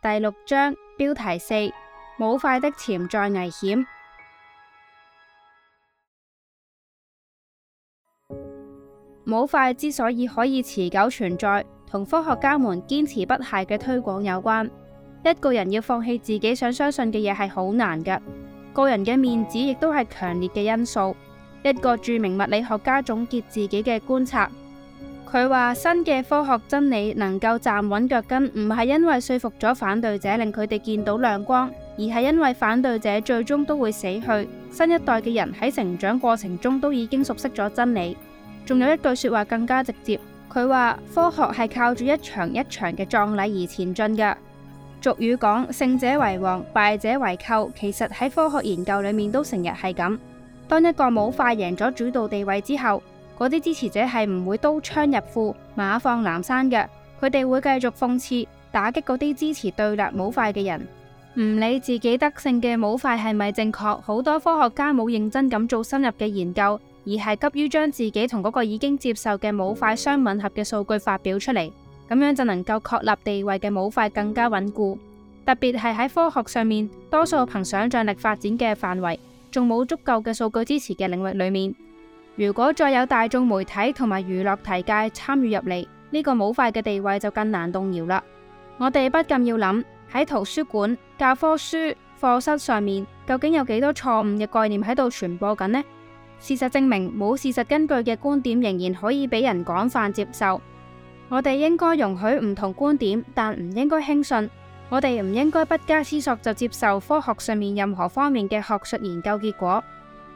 第六章標題四：模塊的潛在危險。模塊之所以可以持久存在，同科學家們堅持不懈嘅推廣有關。一個人要放棄自己想相信嘅嘢係好難㗎，個人嘅面子亦都係強烈嘅因素。一個著名物理學家總結自己嘅觀察。佢話，新嘅科學真理能夠站穩腳跟，唔係因為說服咗反對者令佢哋見到亮光，而係因為反對者最終都會死去。新一代嘅人喺成長過程中都已經熟悉咗真理。仲有一句說話更加直接，佢話科學係靠住一場一場嘅葬禮而前進嘅。俗語講，勝者為王，敗者為寇，其實喺科學研究裏面都成日係咁。當一個冇法贏咗主導地位之後，嗰啲支持者係唔會刀槍入庫、馬放南山嘅，佢哋會繼續諷刺、打擊嗰啲支持對立模塊嘅人。唔理自己得勝嘅模塊係咪正確，好多科學家冇認真咁做深入嘅研究，而係急於將自己同嗰個已經接受嘅模塊相吻合嘅數據發表出嚟，咁樣就能夠確立地位嘅模塊更加穩固。特別係喺科學上面，多數憑想象力發展嘅範圍，仲冇足夠嘅數據支持嘅領域裏面。如果再有大眾媒體同埋娛樂界界參與入嚟，呢、這個模塊嘅地位就更難動搖啦。我哋不禁要諗：喺圖書館、教科書、課室上面，究竟有幾多錯誤嘅概念喺度傳播緊呢？事實證明，冇事實根據嘅觀點仍然可以俾人廣泛接受。我哋應該容許唔同觀點，但唔應該輕信。我哋唔應該不加思索就接受科學上面任何方面嘅學術研究結果。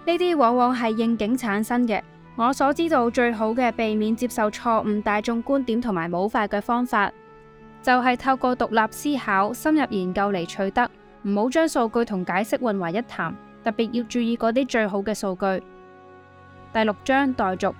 呢啲往往係應景產生嘅。我所知道最好嘅避免接受錯誤大眾觀點同埋模塊嘅方法，就係、是、透過獨立思考、深入研究嚟取得，唔好將數據同解釋混為一談。特別要注意嗰啲最好嘅數據。第六章待續。代